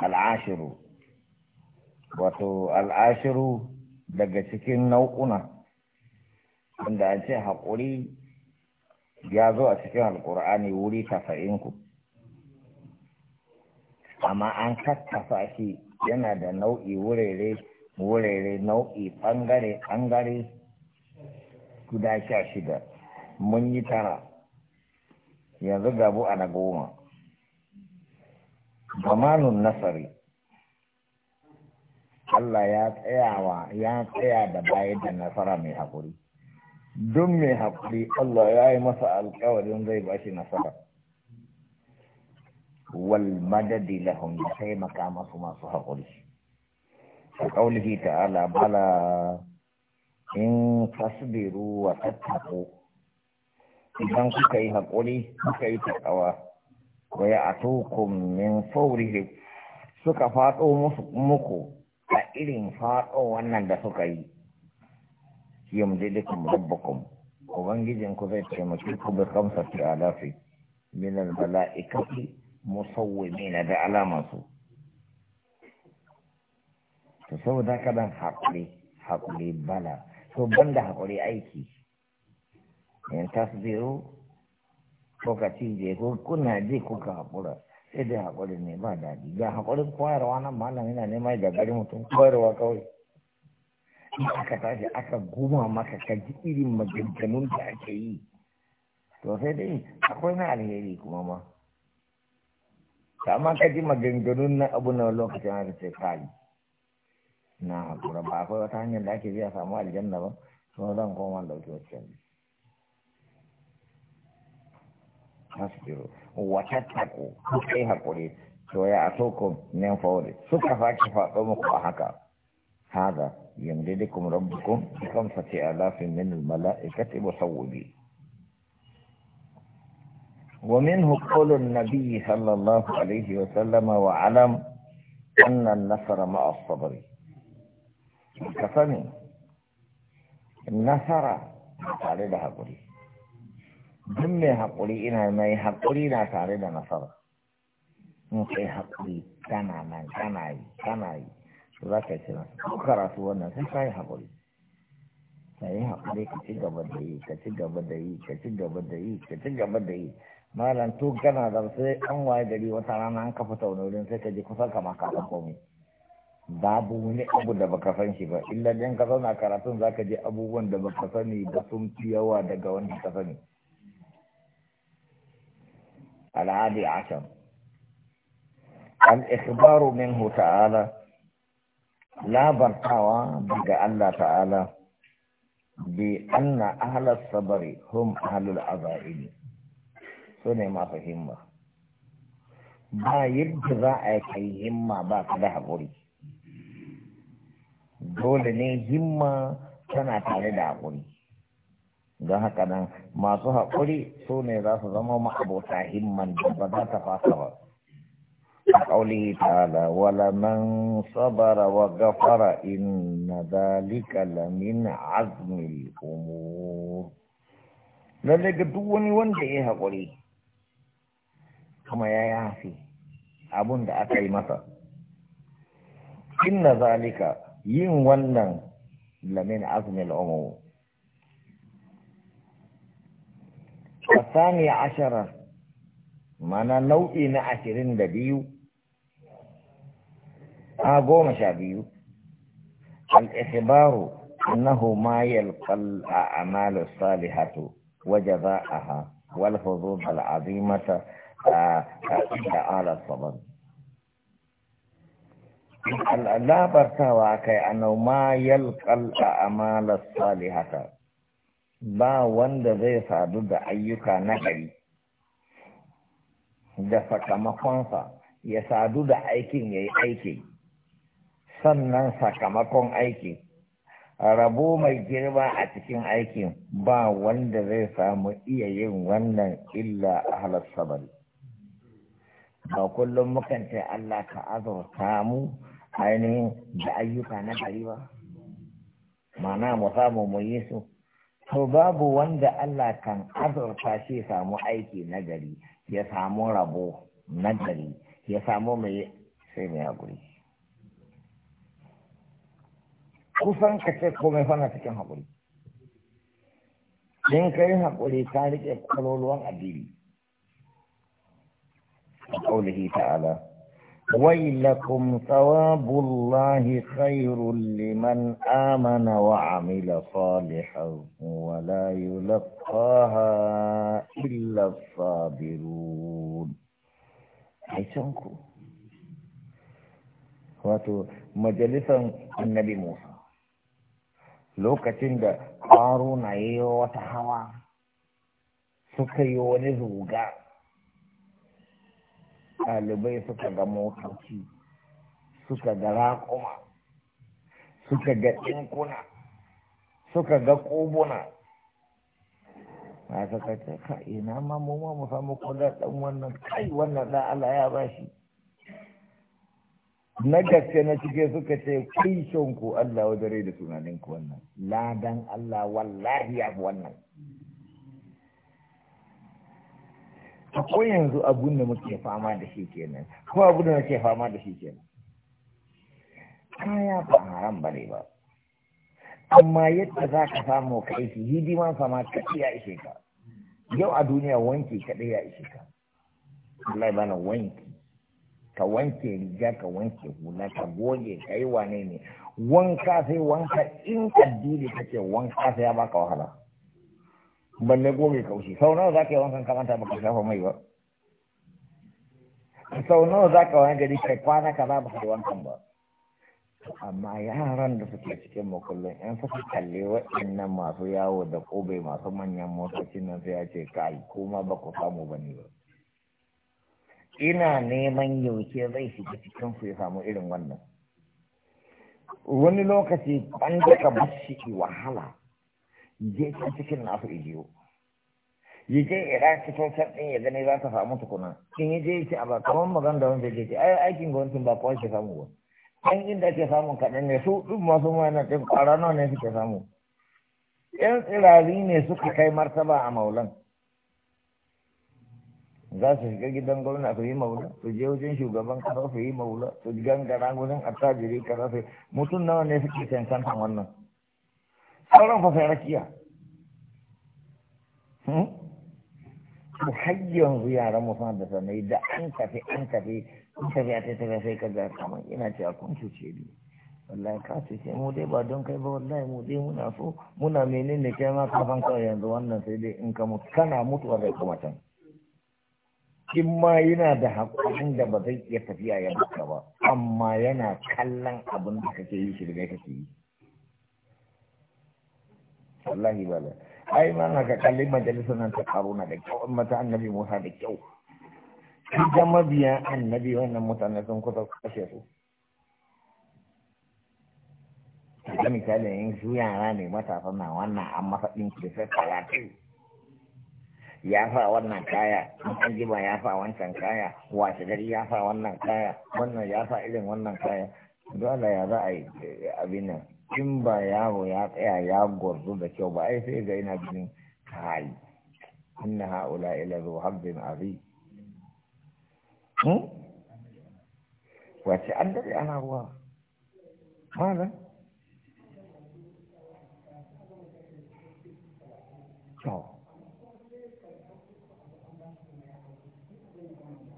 al'ashiru wato al'ashiru daga cikin nau'una wanda an ce haƙuri ya zo a cikin alƙur'ani wuri tafa’inku, amma an kakkasa shi yana da nau'i wurare wurare nau'i ɓangare ɓangare guda sha shida mun yi tara yanzu gabu a na goma zamanun nasari Allah ya tsayawa ya tsaya da bayar da nasara mai haƙuri don mai haƙuri Allah ya yi masa alƙawarin zai ba shi nasara wal madadi lahum da taimaka masu masu haƙuri a ƙaunihi ta'ala bala in tasbiru wa tattako idan kuka yi haƙuri kuka yi takawa wa ya'tukum min fawrihi suka faɗo muku a irin faɗo wannan da suka yi yamdidukum rabbukum ubangijin ku zai taimaki ku bi ta alafi min al-mala'ikati musawwimina da alamansu to saboda ka dan haƙuri haƙuri bala to banda haƙuri aiki in tasbiru ko ka cije ko kuna ji kuka haƙura sai dai haƙuri ne ba daɗi ga haƙurin koyarwa nan malam yana nema ga gari mutum koyarwa kawai in aka tashi aka guma maka ka ji irin maganganun da ake yi to sai dai akwai na alheri kuma ma amma ka ji maganganun na abu na lokacin da sai kali na haƙura ba akwai wata hanyar da ake biya samu aljanna ba to zan koma ɗauki wacce yanzu tasbiru wa tattaku kai hakuri to ya atukum min fawri suka faki faɗo muku a haka hada yamdidukum rabbukum bi khamsati alafin min al mala'ikati musawwibi ومنه قول النبي صلى الله عليه وسلم وعلم أن النصر مع الصبر كفني النصر تعالى لها قولي duk mai haƙuri ina mai haƙuri na tare da nasara in kai haƙuri kana nan kana yi kana yi to za ka ci nasara ko karatu wannan sai ka yi haƙuri ka yi haƙuri ka ci gaba da yi ka ci gaba da yi ka ci gaba da yi ka ci gaba da yi malam to kana da sai an waye gari wata rana an kafa taunurin sai ka ji kusan kama ka san komai babu wani abu da baka san shi ba illa dan ka zauna karatun zaka je abubuwan da baka sani ba sun fi yawa daga wanda ka sani العادي عشر الإخبار منه تعالى لا برقاوة بقى الله تعالى بأن أهل الصبر هم أهل العظائم سنة ما فهمة ba yadda za a باك ده غري ka da haƙuri dole ne himma tana don haka nan masu haƙuri su ne za su zama ma'abota himman da ba za ta fasa ba a ƙaunihi ta'ala wala man sabara wa gafara na zalika lamin azumin umu. lalle ga duk wani wanda ya haƙuri kuma ya hafi abun da aka yi masa In na zalika yin wannan lamin azumin umu. الثانية عشرة معنى نوئي نعشرين دبيو أقوم آه، مشابيو الإخبار أنه ما يلقى الأعمال الصالحة وجزاءها والحظوظ العظيمة آه، آل الصبر لا كي أنه ما يلقى الأعمال الصالحة ba wanda zai sadu da ayyuka na gari da sakamakonsa ya sadu da aikin ya yi aiki sannan sakamakon aiki rabo mai girma a cikin aikin ba wanda zai samu iya yin wannan illa a halar sabari ba kullum mukan ce Allah ka azurta mu ainihin da ayyuka na gari ba mana mu samu mu yi su to babu wanda Allah kan azurta shi samu aiki na gari ya samu rabo nagari ya samu mai sai mai haƙuri kusan ka ce komai fana cikin haƙuri in ka yi haƙuri ka riƙe kwaloluwan addini a ƙaulihi ta'ala ويلكم ثواب الله خير لمن آمن وعمل صالحا ولا يلقاها إلا الصابرون عيشانكو واتو مجلسا النبي موسى لو كتند قارون أيوة وتحوى سكي ونزوغا ɗalibai suka ga motoci suka ga raƙuma suka ga ɗinkuna suka ga ƙubuna masu kacce ce ka ina ma mu ma mu samu ɗan wannan kai wannan ɗan Allah ya ba shi na gaske na cike suka ce kai shanku Allah wajen dare da tunaninku wannan ladan Allah wallahi ya fi wannan ko yanzu abun da muke fama da shi kenan ko abun da muke fama da shi kenan kaya ba haram ba ne ba amma yadda za ka samu ka aiki hidima sama ka ya ishe ka yau a duniya wanki ka ya ishe ka Allah bana wanki ka wanke riga ka wanke hula ka goge ka yi wane ne wanka sai wanka in addini kake wanka sai ya baka wahala balle goge kaushi sau nawa zaka yi wankan kamanta baka shafa mai ba sau nawa zaka wani gari kai kwana ka kaza baka yi wankan ba amma yaran da suke cikin mu kullum in suka kalli waɗannan masu yawo da kobe masu manyan motoci nan sai ya ce kai kuma ba ku samu bane ba ina neman yauke zai shiga cikin su ya samu irin wannan wani lokaci ban daga bashi wahala je can cikin nasu ijiyo ya je iran cikin can din ya gani za ta samu tukuna in ya je ce a ba kamar magan da wanda ya ce ai aikin gwamnatin ba kawai ke samu ba ɗan inda ke samu kaɗan ne su duk masu mana ɗin ƙwara nawa ne suke samu ƴan tsirari ne suka kai martaba a maulan za su shiga gidan gwamna su yi maula su je wajen shugaban kasa su yi maula su gangara wajen attajiri kasa su mutum nawa ne suke cancantan wannan sauran fa sai hmm? har yanzu yaran mu da sanai da an tafi an tafi kun tafi a tattara sai ka ga kamar ina cewa kun cuce ni wallahi ka cuce mu dai ba don kai ba wallahi mu dai muna so muna menene kai ma ka san kawai yanzu wannan sai dai in ka mutu kana mutuwa zai kuma can in ma yana da haƙurin da ba zai iya tafiya ya baka ba amma yana kallon abin da kake yi shi da kake yi wallahi ba ai ma haka ka kalli majalisar nan ta na da kyau in mata annabi musa da kyau ga mabiya annabi wannan mutane sun kusa kashe su da misali in su yara ne matasa na wannan an masa ɗinki sai talatin ya fa wannan kaya an jima ya fa wancan kaya washe gari ya fa wannan kaya wannan ya fa irin wannan kaya dole ya za a yi eh, abin nan in ba yaro ya tsaya ya gwarzo da kyau ba ai sai ga ina ganin kai inna haula ila zu habbin abi hmm? wace an dare ana ruwa malam kyau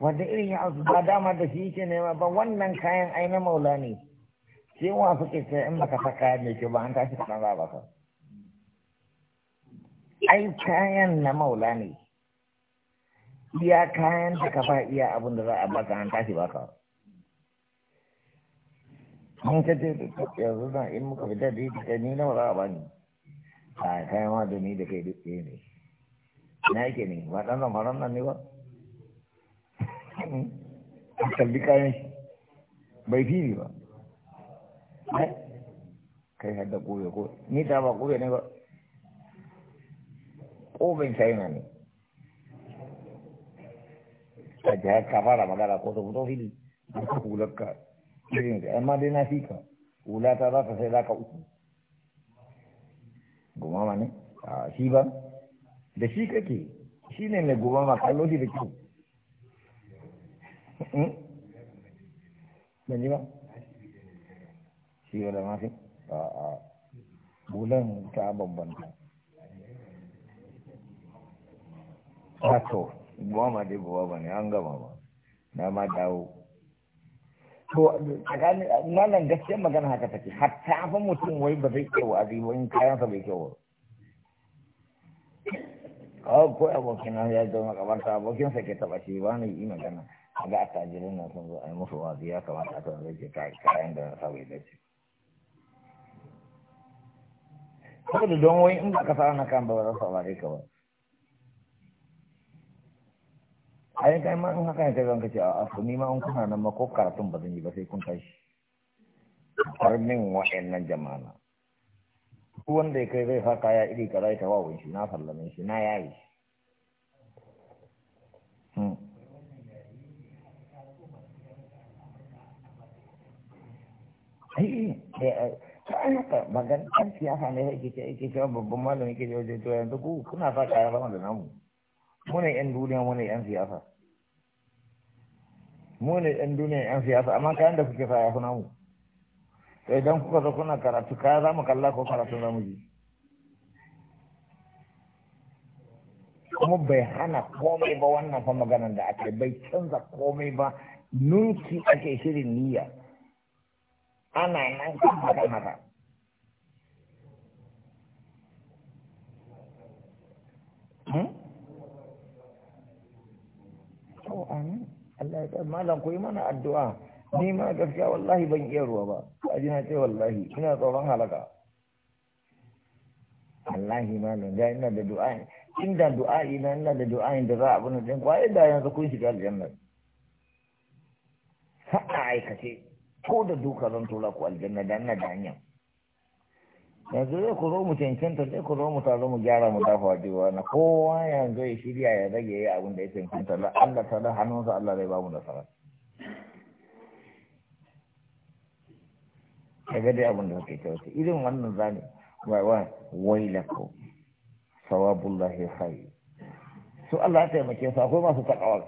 wanda irin ya ba dama da shi yake nema ba wannan kayan ai na maula ne wa suke ce in baka sa kaya mai kyau ba an tashi kaɗan za ba ka ai kayan na maula ne iya kayan da ka ba iya abin da za a baka an tashi ba baka mun ka je da yanzu na in muka fita da ita ni nawa za a ba ni a kayan ma da ni da kai duk ɗaya ne na yake ne ba ɗan zamaran nan ne ba kalli kayan shi bai fi ba Eh? kai hada gobe ko ni da ba gobe ne ba sai na ne a ja ka fara magana ko to to fili ko ka ka irin amma dai na fi ka ta ba ta sai da ka uku gumama ne a shi ba da shi kake shi ne mai gumama kallo shi da kyau hmm? ban ji ba shi da mafi a a bulan ta bambanta wato buwa ma dai buwa ba ne an gama ba na ma dawo to tsakanin nan gaskiyar magana haka take hatta fa mutum wai ba zai kyau a kayan kayansa bai kyau kawai ko abokin ya zama kamar ta abokin sa ke taba shi ba ne yi magana a tajirin nan sun zo a yi musu wazi ya kamata a kan zai ke kayan da na sa bai dace saboda don wai in ba ka sa na kan ba za su bare ka ba a yin kai ma in haka ne zan kace a su nima in kuna nan ma ko karatun ba zan yi ba sai kun tashi har min nan jama'a duk wanda ya kai zai sa kaya iri kaza ta tawa shi na sallame shi na yayi hmm. ai eh, eh, ta haka magan kan siyasa ne yake ce yake cewa babban malam yake ce wajen cewa yanzu ku kuna sa kaya sama da namu mu ne yan duniya mu ne yan siyasa mu ne yan duniya yan siyasa amma kayan da kuke sa ya fi namu to idan kuka zo kuna karatu kaya za mu kalla ko karatu za mu ji kuma bai hana komai ba wannan fa maganar da ake bai canza komai ba nunki ake shirin niyya ana nan kan mata-mata. Hmm? amin Allah ya malam ku yi mana addu'a ni ma gaskiya wallahi ban iya ruwa ba kaji na ce wallahi ina tsoron halaka wallahi malam da ina da du'a inda du'a ina ina da du'a da za a bin din kwaye da yanzu kun shiga aljanna sa'a aikace ko da duka zan tura ku aljanna dan na da hanyar yanzu zai ku zo mu cancanta zai ku zo mu taro mu gyara mu dafa wa jiwa na kowa yanzu ya shirya ya rage ya yi abin da ya cancanta la Allah ta da hannunsa Allah zai ba mu nasara ka ga dai abin da kake kyautu irin wannan zane wa wa wailako sawabullahi khair su Allah ya taimake su akwai masu takawa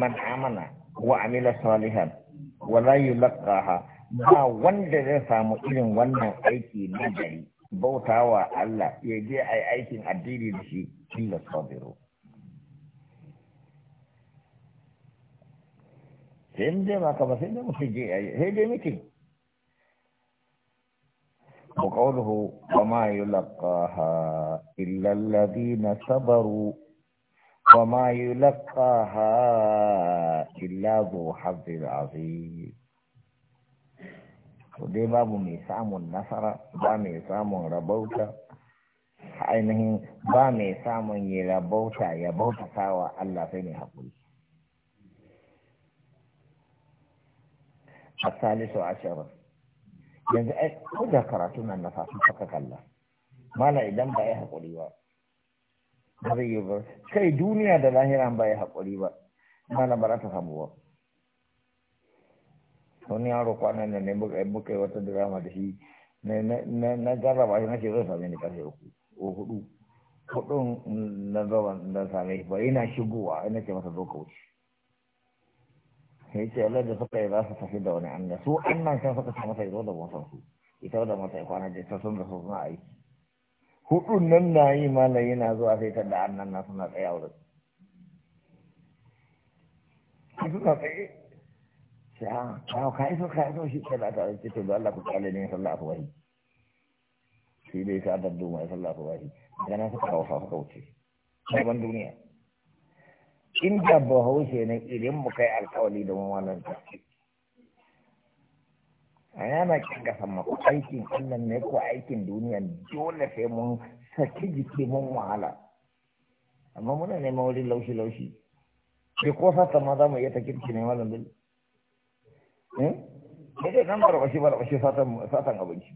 man amana wa amila salihan wala yulqaha ba wanda zai samu irin wannan aiki na gari bautawa Allah ya je a yi aikin addini da shi illa sabiru sai dai je ka ba sai dai mutum je ai sai dai mutum وقوله وما illa إلا sabaru. وما يلقاها إلا ذو حظ عظيم dai babu mai samun nasara ba mai samun rabauta ainihin ba mai samun yi rabauta ya bautata wa Allah sai mai haƙuri a salisu ashirin yanzu ai ko da karatu nan na fasu saka kalla mala idan ba ya haƙuri ba ba zai yi ba kai duniya da lahira ba ya haƙuri ba mana ba za ta samu ba wani yaro kwanan nan ne muka yi wata drama da shi na ba shi nake zai sami ni kashe uku ko hudu hudun na zaban na sami ba yana shigowa ina ce masa zo ka wuce sai ce Allah da suka yi za su tafi da wani annan su annan sai suka samu sai zo da wasan su ita da mata ya kwana da ta sun da su suna aiki hudun nan na yi mana yana zuwa sai ta da annan na suna tsaye wurin suna tsaye sha ah, kawo ka iso ka iso shi ta da ta ce to Allah ku kale ne sallah ku wahi Sai dai ka da duma sallah ku wahi daga suka kawo fa suka wuce sabon duniya In inda bahaushe ne idan mu kai alkawali da mamalanta a yana kin ga sama ko aikin Allah ne ko aikin duniya dole sai mun saki jiki mun wahala amma muna neman wurin laushi laushi bai ko sa ma za mu iya ta kirki ne malam bil eh dai nan barbashi barbashi satan satan abinci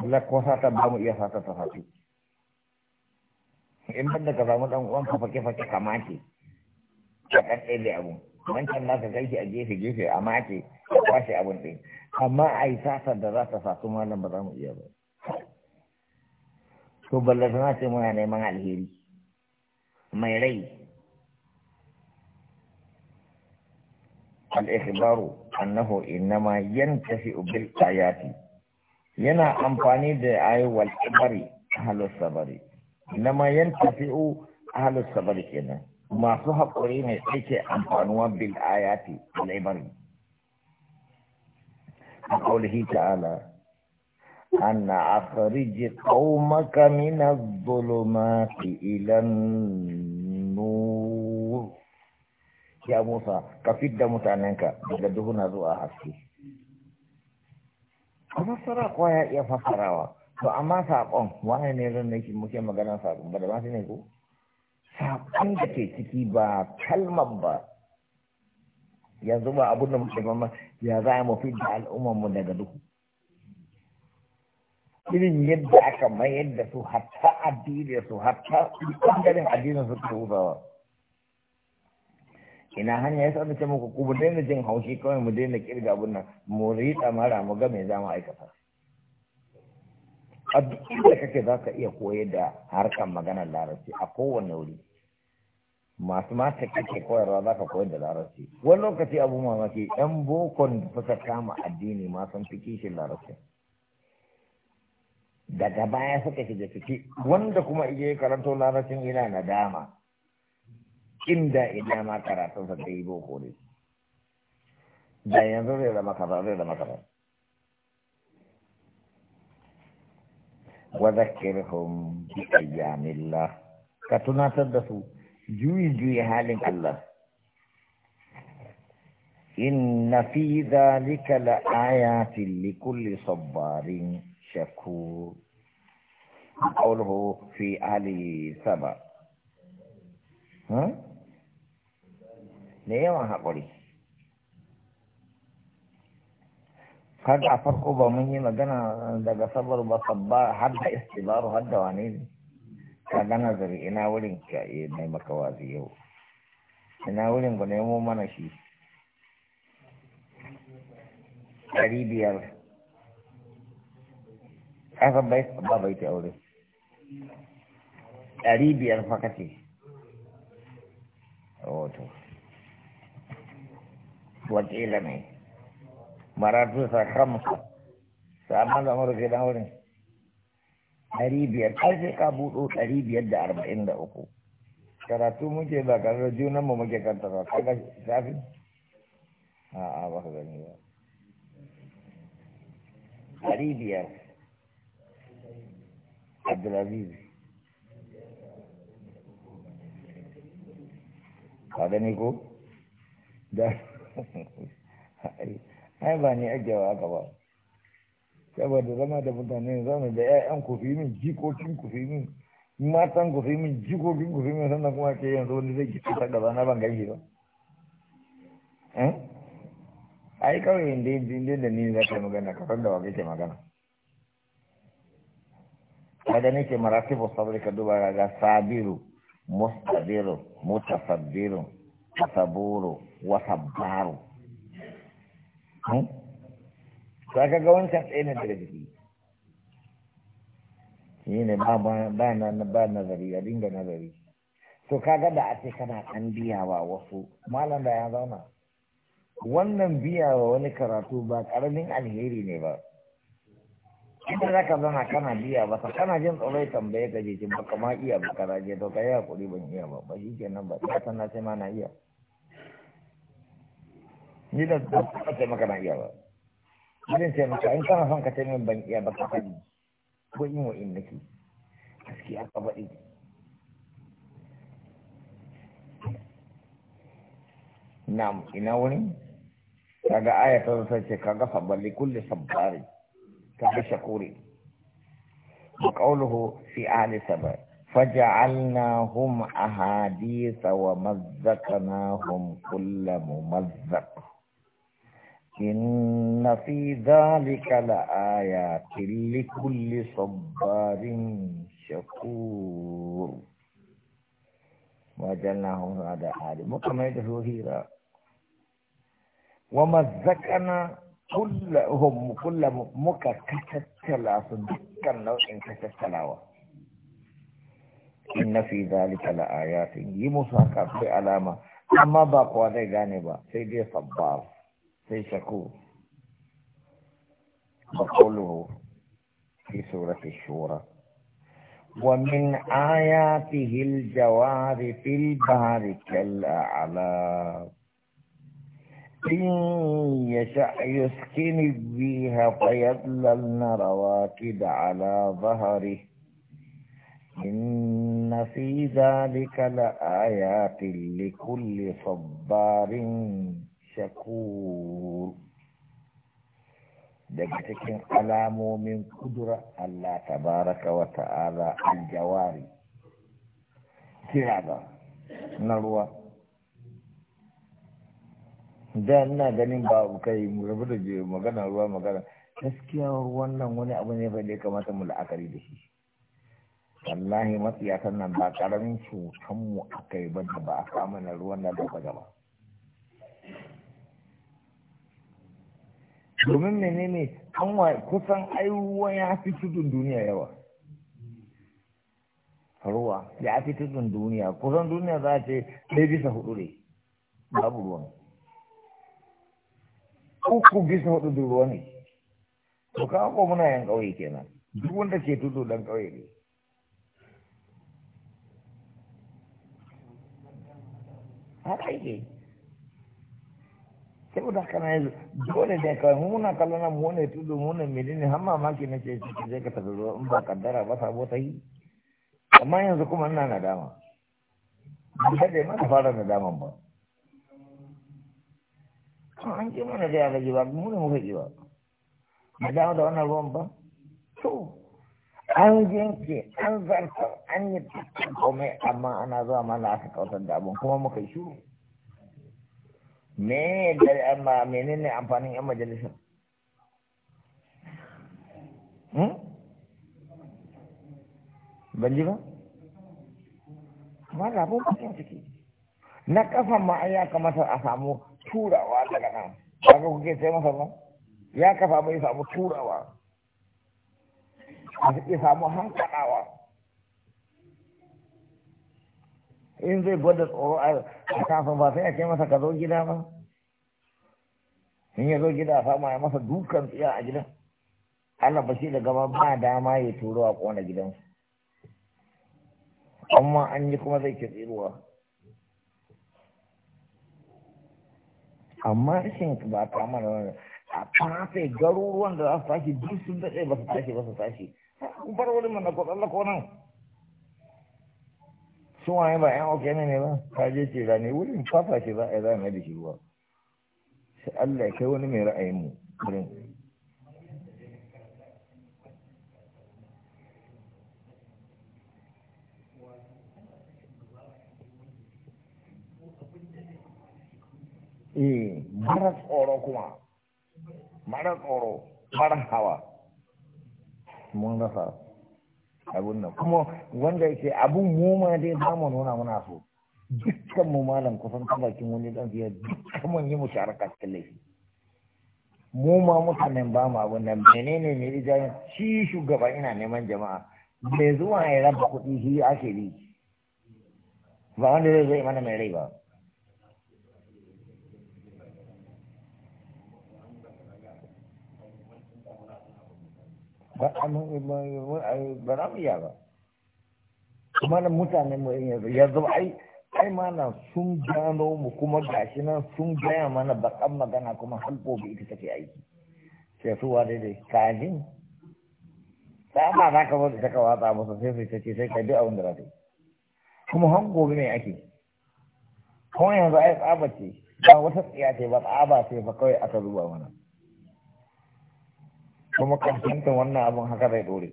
Allah ko satan ba mu iya satan ta fatu in ban da ka samu dan uwan ka fake fake kamake ka ɗaya da abu wancan naka kai shi a gefe gefe a make ka kwashe abin ɗin amma a yi satar da za ta sasu malam ba za mu iya ba to balle suna ce muna neman alheri mai rai al-ikhbaru annahu innama yantafi bil ayati yana amfani da ayi wal sabari ahlus sabari innama yantafi ahlus sabari kenan masu haƙuri ne suke amfanuwa bil ayati al Wani akwai likita ala hana a fari jika makami na zolo mati ila muru. Ya musa, ka fiɗa mutanenka daga duhunan ruwa haske. Ko ya fa farawa, ba amma saƙon. Muna ne ne-la muke magana saɗu, ba da ba ne ku? Saƙon da ke ciki ba kal mabba. Yanzu ba abunda muke mamaki. ya za mu fi da al'ummarmu daga duhu irin yadda aka mayar da su hatta addinin su hatta ɓangaren addinin su turawa ina hanya ya sami ce muku ku daina jin haushi kawai mu daina kirga abun nan mu riƙa mara mu ga me za mu aikata a duk inda kake za ka iya koyar da harkar maganar larabci a kowane wuri masu mata ta kake koyarwa za ka koyar da larabci wani lokaci abu mamaki yan bokon da suka kama addini ma sun fi kishin larabci daga baya suka shiga ciki wanda kuma iya karanto larabcin ina nadama inda ina ma ta yi boko ne da yanzu zai zama kaza zai zama kaza wa bi ayyamillah ka tunatar da su juyi halin Allah inna fi dhalika la ayatin li kulli sabbarin shakur qawluhu fi ali saba ha ne yawan haƙuri kaga a farko ba mun yi magana daga sabar ba sabba har da istibaru har da wane ne ka ga nazari ina wurin ka eh, yi mai maka wazi yau ina wurin ku nemo mana shi ɗari biyar aka bai ba bai ta aure ɗari biyar fakati kace wato oh, wakila ne maratu sa kamsa sa amma da amurka da wurin ɗari biyar har sai ka buɗo ɗari biyar da arba'in da uku karatu muke ba karar junan mu muke kanta ba kaga shafi a'a ba ka gani ba ɗari biyar abdulaziz ka gani ko da ai ba ni ake wa ba saboda zama da mutane zama da 'ya'yan ku fi min jikokin ku fi min matan ku fi min jikokin ku fi min sannan kuma ce yanzu wani zai kici ta gaba na ban gaji ba eh? ai kawai inda inda da ni za ka magana ka san da wa kake magana kada nake maratibu sabri ka duba ga sabiru mustadiru mutasabbiru tasaburu wasabbaru hmm? ta kaga wancan tsaye na daga jiki shi ne ba na ba nazari a dinga nazari to kaga da a ce kana an biya wa wasu malam da ya zauna wannan biya wa wani karatu ba karamin alheri ne ba idan za ka zama kana biya ba ta kana jin tsoron tambaye ka je ba kama iya ba kana je to ka yi hakuri ban iya ba ba shi nan ba ta san na ma na iya ni da ta ce maka na iya ba zan ce maka in kana son ka ce min ban iya ba ka faɗi ko yin wa'in nake gaskiya ka faɗi na'am ina wani. kaga aya ta zo ce kaga sabbali kulli sabbari kaga shakuri wa qawluhu fi ahli sabr فجعلناهم أحاديث ومزقناهم كل ممزق إن في ذلك لآيات لكل صبار شكور وجعلناهم هذا آل مكمل هيرا ومزكنا كلهم كل مك كتتلا صدقا لو إن كتتلاوة إن في ذلك لآيات يمسك في علامة أما بقوا ذي جانبا سيدي صبار sai وقوله في سورة الشورى ومن آياته الجوار في البحر كالأعلام إن يشأ يسكن بيها فيضللن رواكد على ظهره إن في ذلك لآيات لكل صبار shakur daga cikin alamomin kudura Allah Ta baraka wa ta'ala aljawari ba na ruwa da ina ganin ba kai mu rabu da magana ruwa magana gaskiya wannan wani abu ne bai da kamata mu la'akari da shi wallahi matsiyatan nan ba karamin cutan mu akai ba da ba a kama na ruwan nan da gaba domin menene kanwa kusan aiwuwa ya fi tudun duniya yawa ruwa ya fi tudun duniya kusan duniya za a ce ɗaya bisa hudu ne babu ruwan uku bisa hudu da ruwa ne to ka ko muna yan ƙauye kenan duk wanda ke tudu dan ƙauye ne haka yake saboda haka na yanzu dole da ka muna kallon nan mu ne tudu mu ne hamma ma mamaki na ce ciki zai ka tafi ruwa in ba kaddara ba sabo ta yi amma yanzu kuma ina nadama ba dai mana fara fara dama ba an ce mana da yaga jiwa mu ne mu muka jiwa nadama da wannan ruwan ba to an yanke an zartar an yi komai amma ana zuwa mana aka kautar da abin kuma muka yi shuru me da amma menene amfanin yan majalisar hmm banji ba ba labon bakin ciki na kafa ma ya kamata a samu turawa daga nan kaga kuke sai masa ba ya kafa mai samu turawa a cikin samu hankalawa in zai gwada tsoro a kafin ba sai a ce masa ka zo gida ba in ya zo gida a samu a masa dukan tsiya a gidan Allah ba da gaba ba dama ya turo a kona gidansu amma an yi kuma zai ke tsiruwa amma rashin ba ta mana wani a fafe garuruwan da za su tashi duk sun daɗe ba su tashi ba su tashi bar wani mana ko nan sun waye ba yan oke ne ba ka je ce ne wurin fafa ce za a za mai da shi ruwa sai Allah kai wani mai ra'ayin mu wurin eh mara tsoro kuma mara tsoro mara hawa mun rasa abun nan kuma wanda yake abun muma dai ba mu nuna muna so dukkan mu malam kusan ta bakin wani dan fiye dukkan mun yi musharaka cikin laifi mu ma mutanen ba mu abun nan menene ne rijayen shi shugaba ina neman jama'a bai zuwa ya raba kuɗi shi ake bi ba wanda zai zo mana mai rai ba ba za mu iya ba kuma da mutanen mu yanzu yanzu ai ai mana sun gano mu kuma gashi nan sun gaya mana bakan magana kuma har gobe ita take aiki sai su wa da kajin ta ba za ka wata ka watsa masa sai sai ta sai ka bi abin da za yi kuma har gobe ne ake kuma yanzu ai tsaba ce ba wata tsiya ce ba tsaba ce ba kawai aka zuba mana kuma kamfantan wannan abin haka zai dore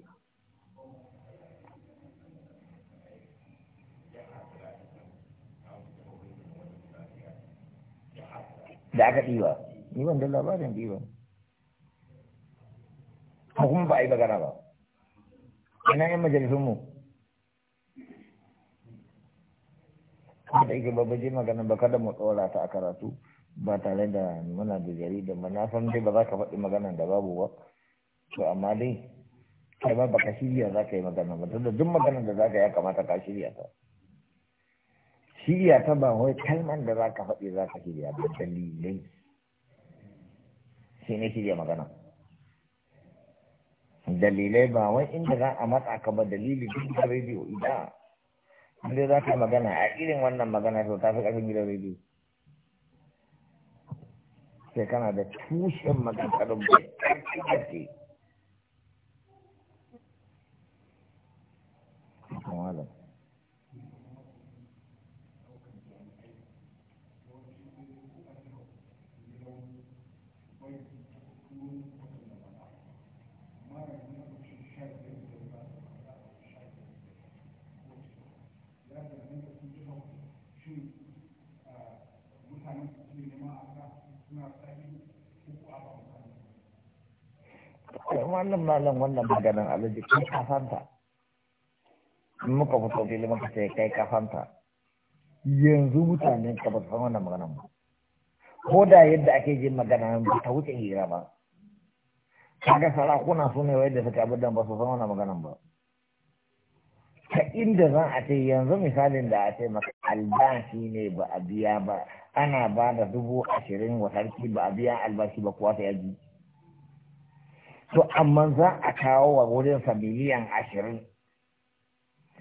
da aka ɗiba ni ban da labarin ɗiba ko kuma ba a yi magana ba ina yan majalisunmu da ike ba je magana ba kada mu tsora ta a karatu ba tare da muna da jarida ba na san dai ba za ka faɗi maganan da babu ba to amma dai kai ma baka shirya za ka yi magana ba tunda duk maganar da za ka ya kamata ka shirya ta shirya ta ba wai kalman da za ka faɗi za ka shirya ba dalilai shi ne shirya magana dalilai ba wai inda za a matsa ka ba dalili duk da rediyo idan inda za ka magana a irin wannan magana to ta fi ƙarfin gidan rediyo sai kana da tushen magana da bai ƙarfi kai wannan malam wannan maganan alaji kai kafanta in muka fito fili muka ce kai kafanta yanzu mutane ka ba su san wannan maganan ba ko da yadda ake jin magana ba ta wuce hira ba kaga sarakuna su ne wanda suka abin da ba su san wannan maganan ba ta inda zan a ce yanzu misalin da a ce maka albashi ne ba a biya ba ana ba da dubu ashirin wa sarki ba a biya albashi ba kuwa ta yaji to amma za a kawo wa wurin sa miliyan ashirin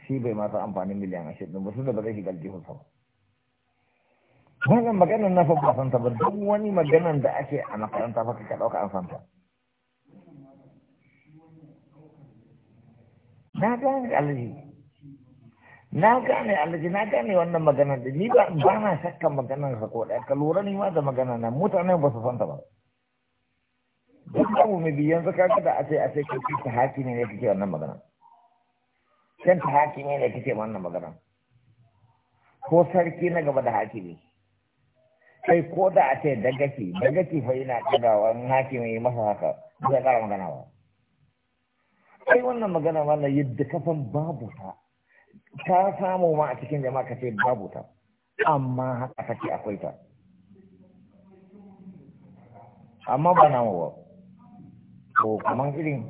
shi bai masu amfani miliyan ashirin ba su da ba zai shiga aljihun sa wannan maganar na fa ba santa ba duk wani magana da ake a makaranta fa ka ɗauka an santa na gane alaji na gane alaji na gane wannan magana da ni ba na shakkan maganar sa ko ɗaya ka lura ni ma da magana na mutane ba su santa ba dukkan mu mai ka zaka kada a ce a ce kai ta haki ne kake wannan magana kan ta haki ne kake wannan magana ko sarki na gaba da hakimi kai ko da a ce dagaci dagaci fa yana ɗagawa in hakimi masa haka zai ƙara magana ba kai wannan magana wannan yadda kafan babu ta ta samu ma a cikin jama'a ka ce babu ta amma haka take akwai ta amma ba namu ba to kaman irin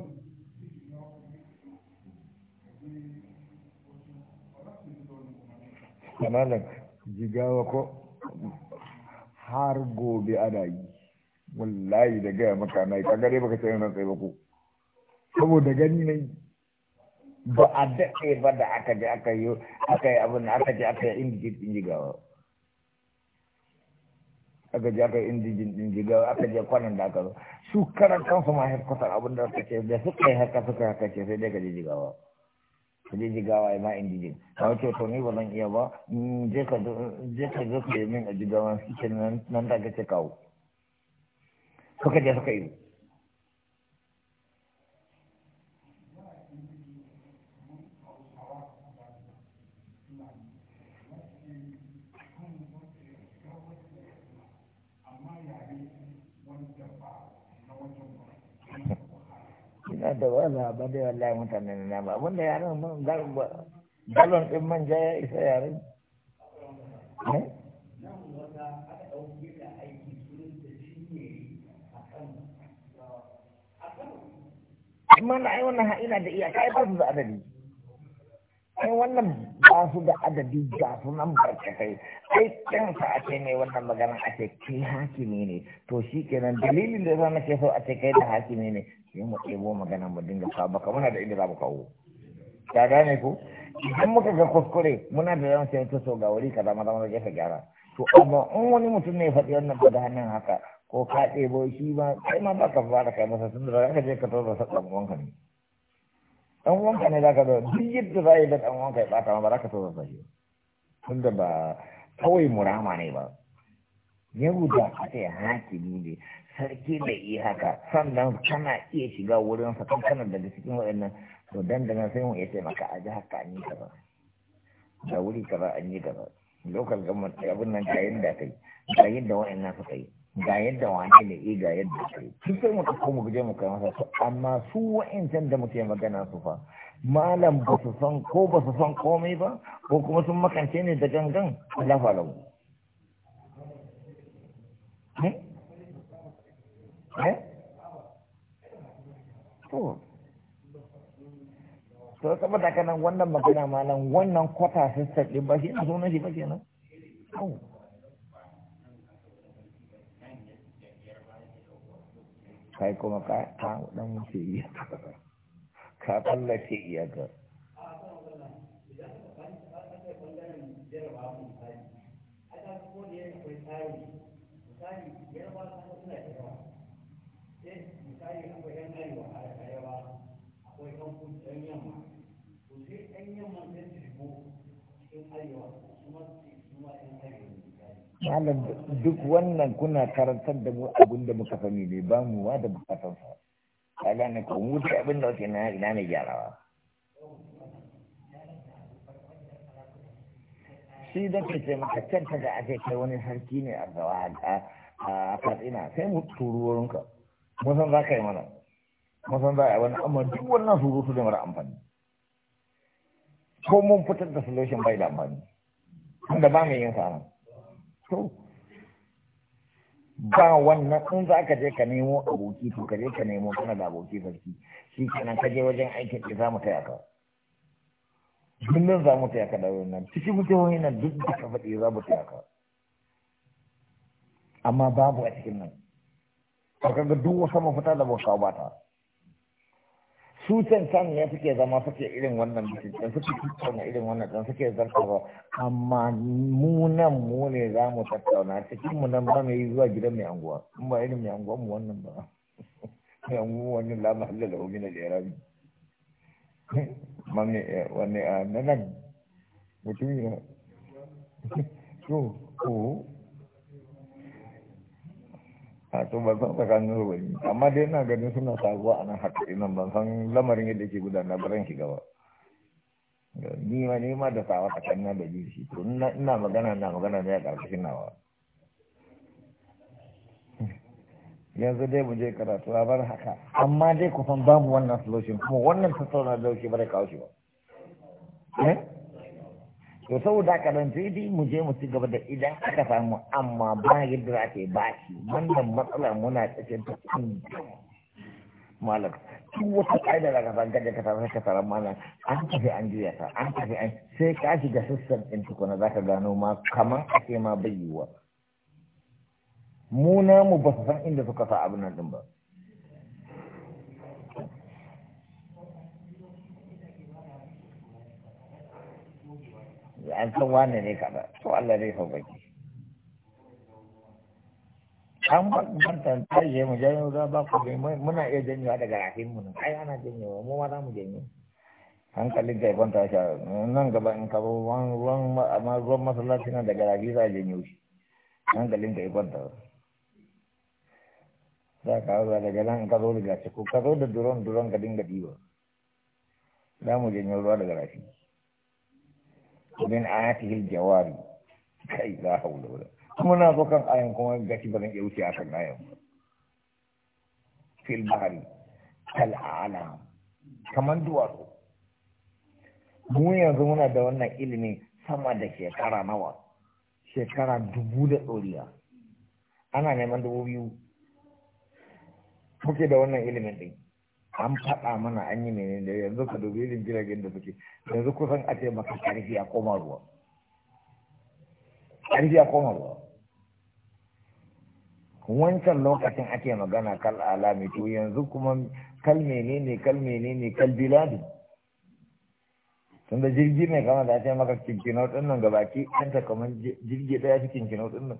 kamalan jigawa ko har gobe ana yi wallahi da gaya maka na yi kagare baka ce nan tsaye ba ko saboda gani na ba a daɗe ba da aka je aka yi aka yi abin aka je aka yi indigit injigawa aka je aka indijin din jiga aka je kwanan da aka zo su karan kansu ma harkatar abin da aka ce da suka yi haka suka haka ce sai dai ka je jigawa ka je jigawa ya ma indijin a wace to ni ba zan iya ba je ka zo ka yi min a jigawa nan da aka ce kawo suka je suka yi ba da wala ba da wallahi mutane na ba abin da yaran mun garba balon din manja ya isa yaran mana ai wannan ha'ina da iya kai ba su da adadi ai wannan ba su da adadi ga su nan ba ta kai. ai kansa a ce mai wannan magana a ce kai hakimi ne to shi kenan dalilin da zama ce so a ce kai da hakimi ne sai mu ɗebo magana mu dinga kawo baka muna da inda za mu kawo ta gane ku idan muka ga kuskure muna da yawan sai ta so ga wuri kaza maza zama ka gyara to amma in wani mutum ne ya faɗi wannan ba da hannun haka ko ka ɗebo shi ba kai ma ba ka fara kai masa tun da za ka je ka tura sa ɗan uwanka ne ɗan uwanka ne za ka zo duk yadda za a yi da ɗan uwanka ya ɓata ma ba za ka tura sa shi tun da ba kawai murama ne ba yau da a ce hakimi ne sarki mai yi haka sannan kana iya shiga wurin sa kana daga cikin waɗannan to dandana sai mu iya taimaka a ji haka an yi gaba da wuri ba an yi gaba lokal government abin nan ga yadda kai ga yadda waɗannan suka yi ga yadda wani ne eh ga yadda kai kin sai mu ko mu je mu kai masa to amma su wa'ancan da muke magana su fa malam ba su san ko ba su san komai ba ko kuma sun makance ne da gangan Allah falamu. Hmm? eh to to saboda kanan wannan magana malam wannan kwata sun din ba shi na sunan shi ba kenan kai kuma ka ta dan wuce iyaka ka tsallake iyaka Thank you. misalin duk wannan kuna karantar da mu abin da muka fami ne ba mu wa da bukatar sa ka gane ko mu da abin da wace na ina ne gyarawa shi da ke ce maka canta da ake kai wani sarki ne a gawa a katsina sai mu turuwarinka mun san za ka yi mana mun san za a yi wani amma duk wannan surutu da mara amfani ko mun fitar da solution bai da amfani wanda ba mai yin sa to ba wannan in za ka je ka nemo aboki to ka je ka nemo kana da aboki sarki shi kenan ka je wajen aikin ki za mu taya ka kullum za mu taya ka da wannan cikin mutum yana duk da ka faɗi za mu taya ka amma babu a cikin nan ka ga duk wasa mafuta da ba ka bata. tutan can ne suke zama suke irin wannan bincin suke tattauna irin wannan dan suke ba amma mu nan mu ne za mu tattauna cikin mu nan ba mu yi zuwa gidan mai anguwa in ba irin mai anguwa mu wannan ba mai anguwa wannan la mahalla lahu da yarabi irab mamme eh, wanne ah, nan mutum ne to ko a to ban san tsakanin su bane amma dai ina ganin suna sabuwa a nan haka inan ban san lamarin yadda ke gudana ba ran gaba ni ma ni ma da sawa tsakanin da ji shi to ina magana na magana ne a ƙarƙashin nawa yanzu dai mu je karatu a bar haka amma dai kusan babu wannan solution kuma wannan tattauna da dauke bare kawo shi ba eh to saboda ka nan sai mu je mu ci gaba da idan aka samu amma ba yadda za ta yi shi wannan matsala muna cikin ta malam duk wata ƙa'ida da ka san da ka tafi ka malam an tafi an juya ta an tafi an sai ka shiga sassan ɗin tukuna za ka gano ma kaman ake ma bayyuwa mu na mu ba san inda suka sa abin nan ba da an san wane ne kaza to Allah zai sauƙaƙe an ta je mu janyo za ba ku muna iya janyowa daga rahim mu nan ai ana janyowa mu ma za mu janyo hankalin ban ta sha nan gaba in ka ruwan ruwan amma ruwan masallaci nan daga rafi za janyo shi hankalin ka ban ta za ka hau daga nan in ka zo daga ciko ka zo da duron duron ka dinga diba za mu janyo ruwa daga rafi min ayatihi jawari kai la haula wala kuma na zo kan ayan kuma gashi ba zan iya wuce akan ayan ba fil bahari kal ala, kaman duwatsu mu yanzu muna da wannan ilimi sama da shekara nawa shekara dubu da ɗoriya ana neman dubu biyu muke da wannan ilimin ɗin an faɗa mana an yi ne da yanzu ka dubi irin jiragen da suke yanzu kusan a ce maka ƙarfi a koma ruwa ƙarfi a koma ruwa wancan lokacin ake magana kal alami to yanzu kuma kal menene kal menene kal biladi tunda jirgi mai kama da sai maka kinkinau din nan gabaki ta kamar jirgi ɗaya fi kinkinau din nan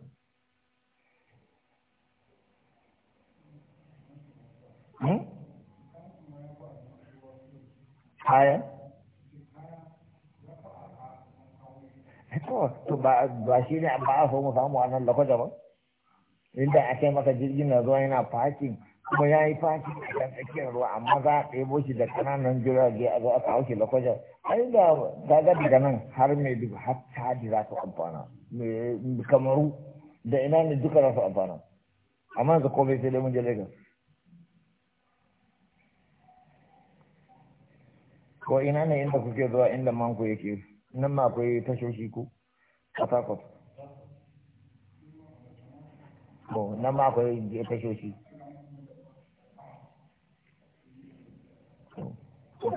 Hmm? kaya eh, to ba shi ne ba a so mu samu a nan lakwaja ba inda a kai maka jirgin na zuwa yana fakin kuma ya yi fakin a kan tsakiyar ruwa amma za a ɗebo shi da ƙananan jirage a zo a kawo shi lakwaja ai da gaga daga nan har mai duk har tadi za su amfana kamaru da ina ne duka za su amfana amma yanzu komai sai dai mun je lagos ko ina ne inda kuke zuwa inda manku yake nan ma akwai tashoshi ko takwas ko nan ma akwai tashoshi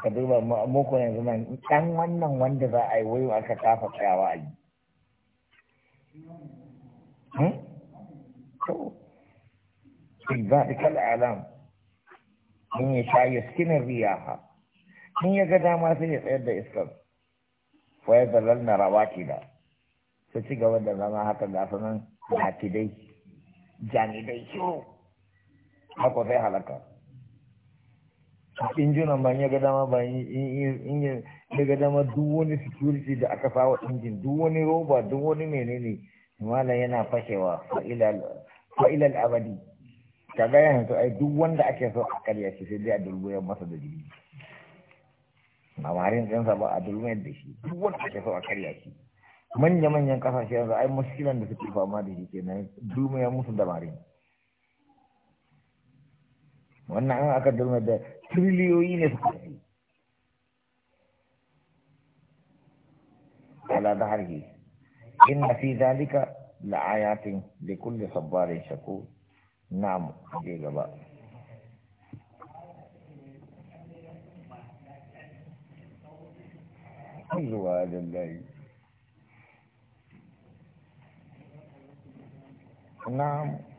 ka duba muku yanzu nan dan wannan wanda za a yi wayo aka kafa tsayawa a yi kala alam, in yi shaye skinin riyaha. in ya ga dama sai ya tsayar da iskar ya zalal na rawaki da su ci gaba da zama haka ga su nan lakidai janidai shiru haka sai halaka injunan ban ya ga dama ba in ya ga dama duk wani security da aka fawa injin duk wani roba duk wani menene malam yana fashewa fa'ilal abadi ga yanzu ai duk wanda ake so a karya shi sai dai a ya masa da jini mamarin sun ba a dulmiyar da shi duk wani ake so a karya shi manya-manyan kasashe yanzu ai muskilan da suke fama da shi kenan dulmiyar musu da marin wannan an aka dulmiyar da triliyoyi ne suka fi ala da harge inna fi zalika la ayatin kulle kulli sabarin na na'am je gaba zuwa lillahi na'am